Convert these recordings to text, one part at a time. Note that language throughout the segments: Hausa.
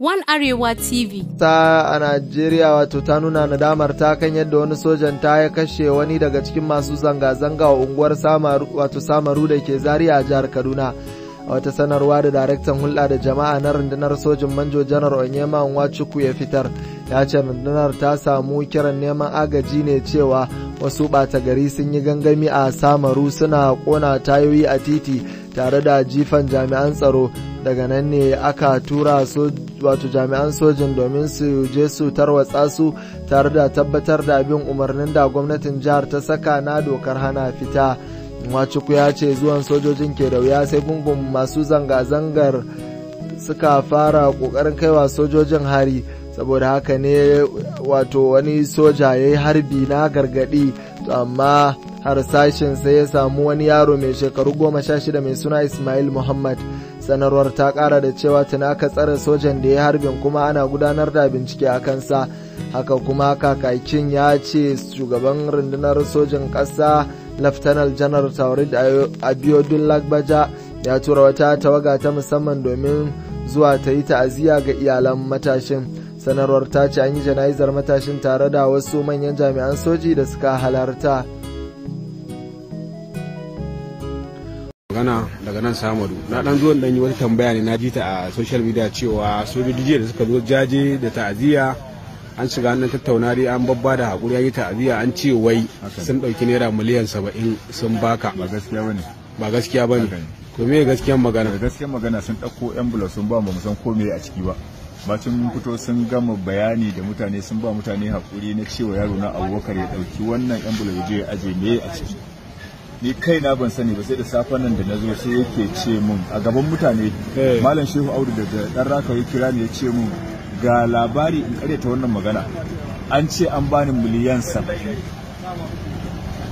One Arewa TV. Ta a Najeriya wato ta nuna nadamar ta kan yadda wani sojan ta ya kashe wani daga cikin masu zanga-zanga a unguwar wato Samaru da ke zariya a jihar Kaduna. A wata sanarwa da daraktan hulɗa da jama'a na rundunar sojin manjo janar Onyema Nwachukwu ya fitar. Ya ce rundunar ta samu kiran neman agaji ne cewa wasu ɓata gari sun yi gangami a Samaru suna ƙona tayoyi a titi. tare da jifan jami'an tsaro daga nan ne aka tura su wato jami'an sojin domin su je su tarwatsa su tare da tabbatar da bin umarnin da gwamnatin jihar ta saka na dokar hana fita wacuku ya ce zuwan sojojin ke da wuya sai gungun masu zanga-zangar suka fara kokarin kaiwa sojojin hari saboda haka ne wato wani soja ya yi harbi na gargadi amma harsashin sai ya samu wani yaro mai shekaru goma sha shida mai suna Ismail Muhammad. Sanarwar ta kara da cewa tana aka tsare sojan da ya harbin kuma ana gudanar da bincike a kansa. Haka kuma kakakin ya ce shugaban rundunar sojan ƙasa Laftanar Janar Taurid Abiodun Lagbaja ya tura wata tawaga ta musamman domin zuwa ta yi ta'aziyya ga iyalan matashin. sanarwar ta ce an yi jana'izar matashin tare da wasu manyan jami'an soji da suka halarta magana daga nan samadu na dan zuwan dan yi wata tambaya ne na ji ta a social media cewa sojoji da suka zo jaje da ta'aziyya an shiga hannun tattauna dai an babba da hakuri ya yi ta'aziyya an ce wai sun dauki naira miliyan saba'in sun baka ba gaskiya bane ba gaskiya bane to me gaskiyan magana gaskiyan magana sun dauko envelope sun ba mu san ko me a ciki ba bacin fito sun gama bayani da mutane sun ba mutane hakuri na cewa yaro na abubakar ya dauki wannan envelope ya je ya aje ne a ciki ni kaina ban sani ba sai da safen nan da na zo sai yake ce mun a gaban mutane eh. malam shehu audu daga dan raka ya kira ni ya ce mun ga labari in ta wannan magana an ce an bani miliyan saba'in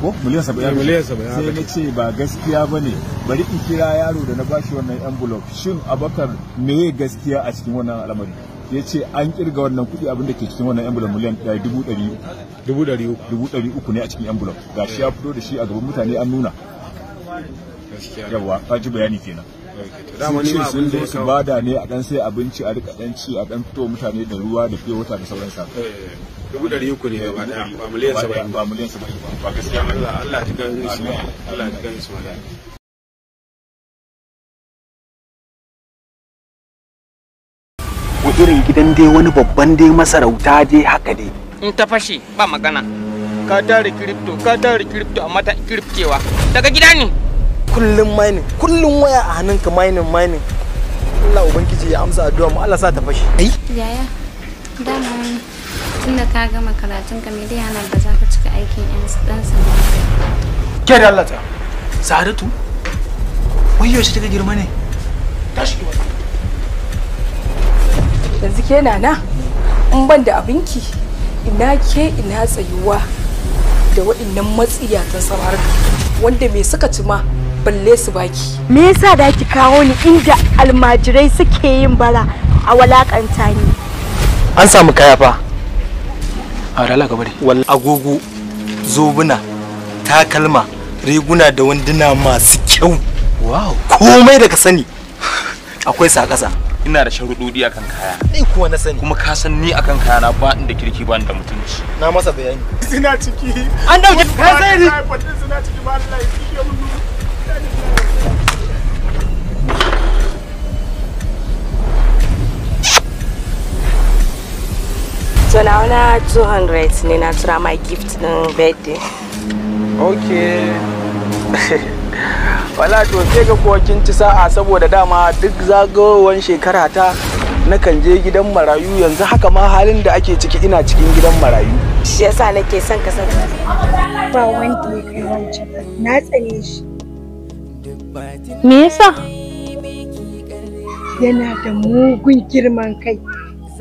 ko miliyan saba'in eh, miliyan saba'in sai na ce ba gaskiya ba ne bari in kira yaro da na bashi wannan envelope shin abakar me gaskiya a cikin wannan al'amari ya ce an kirga wannan kuɗi abinda ke cikin wannan envelope miliyan dubu ɗari dubu ɗari uku ne a cikin envelope ga shi ya fito da shi a gaban mutane an nuna yawa ka ji bayani kenan sun ce sun da su bada ne a dan sai abinci a rika dan ci a dan fito mutane da ruwa da fiye wata da sauran eh, dubu ɗari uku ba miliyan ba miliyan saba'in ba gaskiya Allah Allah ko irin gidan dai wani babban dai masarauta dai haka dai in ta fashe ba magana ka tare crypto ka tare crypto amma ta kirfkewa daga gida ne kullum mining kullum waya a hannunka mining mining Allah ubangiji ya amsa addu'a mu Allah sa ta fashe ai yaya da tunda ka gama karatun ka me dai yana da zaka cika aikin yan dan sanda ke da Allah ta Saratu wai shi ta girma ne tashi ki ke nana in ban da abinki ina ke ina tsayuwa da waɗannan matsiyatan samarin wanda me suka ci ma balle su baki me yasa da ki kawo ni inda almajirai suke yin bara a walakanta ni an samu kaya fa a rala agogo zobuna takalma riguna da wanduna masu kyau wow komai da sani akwai sa ƙasa ina da sharuɗoɗi akan kaya ni kuwa na sani kuma ka san ni akan kaya na ba inda kirki ba inda mutunci na masa bayani zina ciki an dauke ka sai ni zina ciki ba Allah ya kike So now na 200 ne na tura my gift din birthday. Okay. wala to sai ga kin ci sa'a saboda dama duk zagawowar shekara ta kan je gidan marayu yanzu haka ma halin da ake ciki ina cikin gidan marayu shi yasa nake son ka san ba wanda ya kai wancan na tsane shi me yasa yana da mugun girman kai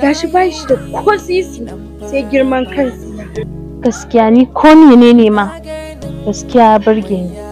gashi ba shi da ko sisi sai girman kansa gaskiya ni ko menene ma gaskiya burge ni